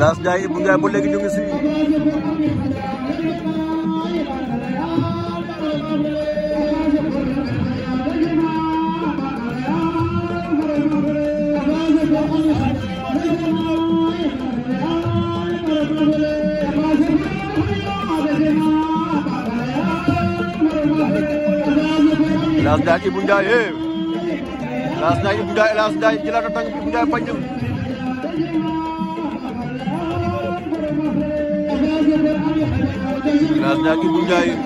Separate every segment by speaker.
Speaker 1: दस जाएगी बुझा बोले की जुगी सी Lasdai ki bunda ye. Lasdai ki bunda, lasdai kita datang ki bunda panjang. Saatnya Cukup Jai Macam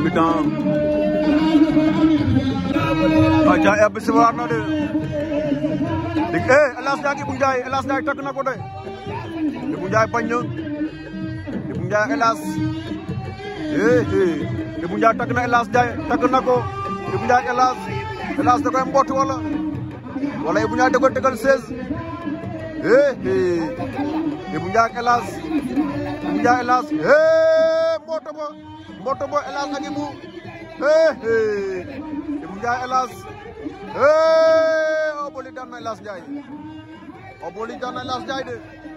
Speaker 1: bidang Macam habis warna dia Dik eh alas dah ki punjai alas dah tak kena kodai. Dia punjai panjang. Dia punjai alas. eh Ibou Ndiaye tagg na Elas Ndiaye tagg na ko Ibou Ndiaye Elas Elas da koy mbooti wala wala Ibou Ndiaye da koy tegal 16 eh Ibou Ndiaye Elas Ibou Ndiaye Elas eh mbooto ba mbooto ba Elas ak Ibou eh Ibou Ndiaye Elas
Speaker 2: eh Oboli daan na Elas na Elas Ndiaye de.